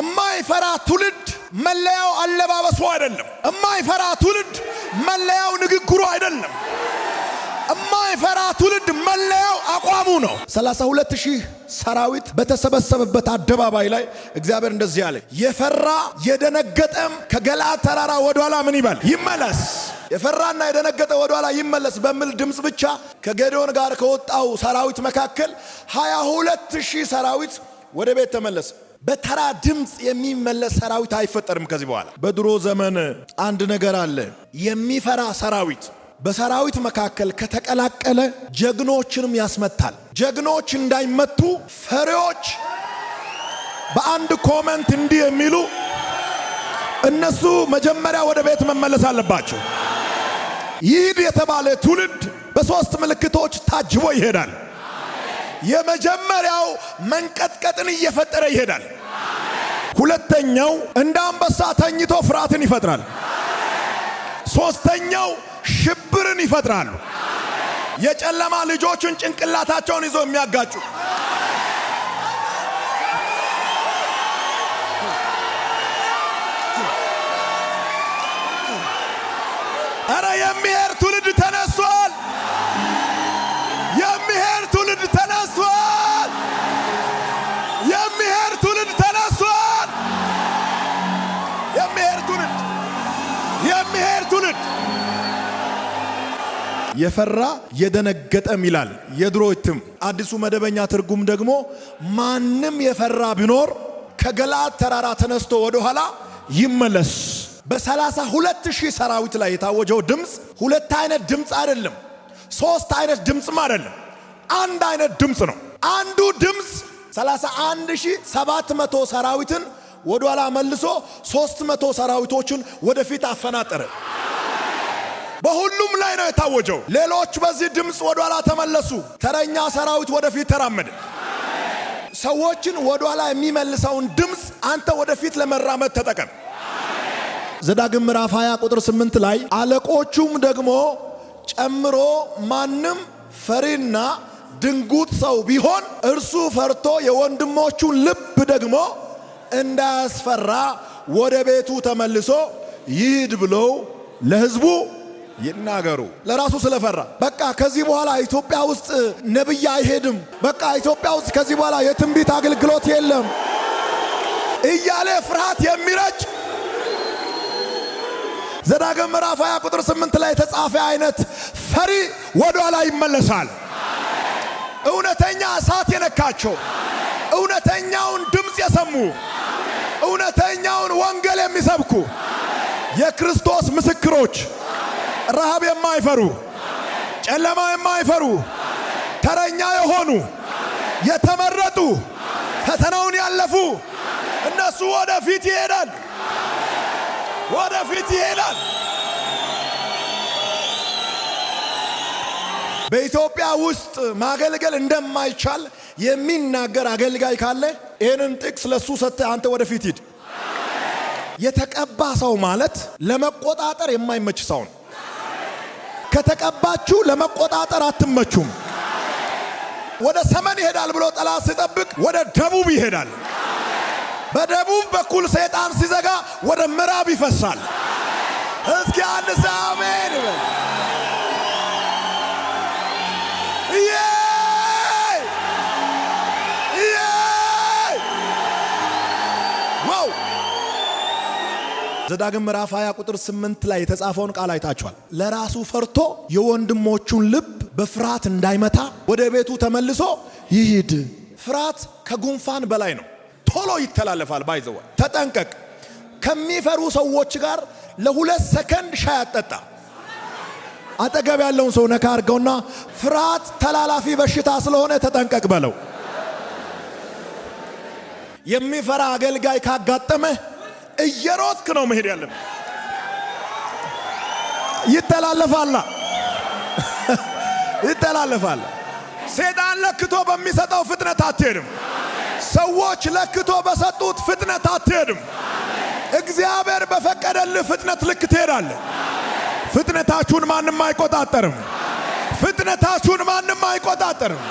እማይፈራ ትውልድ መለያው አለባበሱ አይደለም። እማይፈራ ትውልድ መለያው ንግግሩ አይደለም። እማይፈራ ትውልድ መለያው አቋሙ ነው። 32 ሺህ ሰራዊት በተሰበሰበበት አደባባይ ላይ እግዚአብሔር እንደዚህ አለ፣ የፈራ የደነገጠም ከገላ ተራራ ወደኋላ ምን ይበል ይመለስ። የፈራና የደነገጠ ወደኋላ ይመለስ በሚል ድምፅ ብቻ ከጌዴዎን ጋር ከወጣው ሰራዊት መካከል 22 ሺህ ሰራዊት ወደ ቤት ተመለሰ። በተራ ድምፅ የሚመለስ ሰራዊት አይፈጠርም ከዚህ በኋላ። በድሮ ዘመን አንድ ነገር አለ። የሚፈራ ሰራዊት በሰራዊት መካከል ከተቀላቀለ ጀግኖችንም ያስመታል። ጀግኖች እንዳይመቱ ፈሪዎች በአንድ ኮመንት እንዲህ የሚሉ እነሱ መጀመሪያ ወደ ቤት መመለስ አለባቸው። ይህድ የተባለ ትውልድ በሦስት ምልክቶች ታጅቦ ይሄዳል። የመጀመሪያው መንቀጥቀጥን እየፈጠረ ይሄዳል። ሁለተኛው እንደ አንበሳ ተኝቶ ፍርሃትን ይፈጥራል። ሶስተኛው ሽብርን ይፈጥራሉ። የጨለማ ልጆቹን ጭንቅላታቸውን ይዞ የሚያጋጩ ኧረ የሚሄድ ትውልድ ተነ ትውልድ የሚሄድ ትውልድ የፈራ የደነገጠም ይላል የድሮ እትም። አዲሱ መደበኛ ትርጉም ደግሞ ማንም የፈራ ቢኖር ከገላት ተራራ ተነስቶ ወደኋላ ይመለስ። በሰላሳ ሁለት ሺህ ሰራዊት ላይ የታወጀው ድምፅ ሁለት አይነት ድምፅ አይደለም፣ ሶስት አይነት ድምፅም አይደለም፣ አንድ አይነት ድምፅ ነው። አንዱ ድምፅ 31 ሺህ ሰራዊትን ኋላ መልሶ ሶስት መቶ ሰራዊቶቹን ወደፊት አፈናጠረ። በሁሉም ላይ ነው የታወጀው። ሌሎች በዚህ ድምፅ ኋላ ተመለሱ። ተረኛ ሰራዊት ወደፊት ተራመደ። ሰዎችን ኋላ የሚመልሰውን ድምፅ አንተ ወደፊት ለመራመድ ተጠቀም። ዘዳግም ምዕራፍ 20 ቁጥር 8 ላይ አለቆቹም ደግሞ ጨምሮ ማንም ፈሪና ድንጉት ሰው ቢሆን እርሱ ፈርቶ የወንድሞቹን ልብ ደግሞ እንዳያስፈራ ወደ ቤቱ ተመልሶ ይሂድ ብለው ለህዝቡ ይናገሩ። ለራሱ ስለፈራ በቃ ከዚህ በኋላ ኢትዮጵያ ውስጥ ነብይ አይሄድም፣ በቃ ኢትዮጵያ ውስጥ ከዚህ በኋላ የትንቢት አገልግሎት የለም እያለ ፍርሃት የሚረጭ ዘዳግም ምዕራፍ 20 ቁጥር 8 ላይ የተጻፈ አይነት ፈሪ ወደ ኋላ ይመለሳል። እውነተኛ እሳት የነካቸው እውነተኛውን የሚያሙ እውነተኛውን ወንጌል የሚሰብኩ የክርስቶስ ምስክሮች ረሃብ የማይፈሩ ጨለማ የማይፈሩ ተረኛ የሆኑ የተመረጡ ፈተናውን ያለፉ እነሱ ወደፊት ይሄዳል፣ ወደፊት ይሄዳል። በኢትዮጵያ ውስጥ ማገልገል እንደማይቻል የሚናገር አገልጋይ ካለ ይህንን ጥቅስ ለሱ ሰጥተህ አንተ ወደፊት ሂድ። የተቀባ ሰው ማለት ለመቆጣጠር የማይመች ሰው ነው። ከተቀባችሁ ለመቆጣጠር አትመቹም። ወደ ሰሜን ይሄዳል ብሎ ጠላት ሲጠብቅ ወደ ደቡብ ይሄዳል። በደቡብ በኩል ሰይጣን ሲዘጋ ወደ ምዕራብ ይፈሳል። እስኪ አንድ ሰው አሜን ዘዳግም ምዕራፍ 20 ቁጥር 8 ላይ የተጻፈውን ቃል አይታችኋል። ለራሱ ፈርቶ የወንድሞቹን ልብ በፍርሃት እንዳይመታ ወደ ቤቱ ተመልሶ ይሂድ። ፍርሃት ከጉንፋን በላይ ነው፣ ቶሎ ይተላለፋል። ባይዘዋ ተጠንቀቅ። ከሚፈሩ ሰዎች ጋር ለሁለት ሰከንድ ሻይ አጠጣ። አጠገብ ያለውን ሰው ነካ አድርገውና ፍርሃት ተላላፊ በሽታ ስለሆነ ተጠንቀቅ በለው። የሚፈራ አገልጋይ ካጋጠመህ እየሮጥክ ነው መሄድ ያለብ ይተላለፋላ ይተላለፋል። ሴጣን ለክቶ በሚሰጠው ፍጥነት አትሄድም። ሰዎች ለክቶ በሰጡት ፍጥነት አትሄድም። እግዚአብሔር በፈቀደልህ ፍጥነት ልክ ትሄዳለህ። ፍጥነታችሁን ማንም አይቆጣጠርም። ፍጥነታችሁን ማንም አይቆጣጠርም።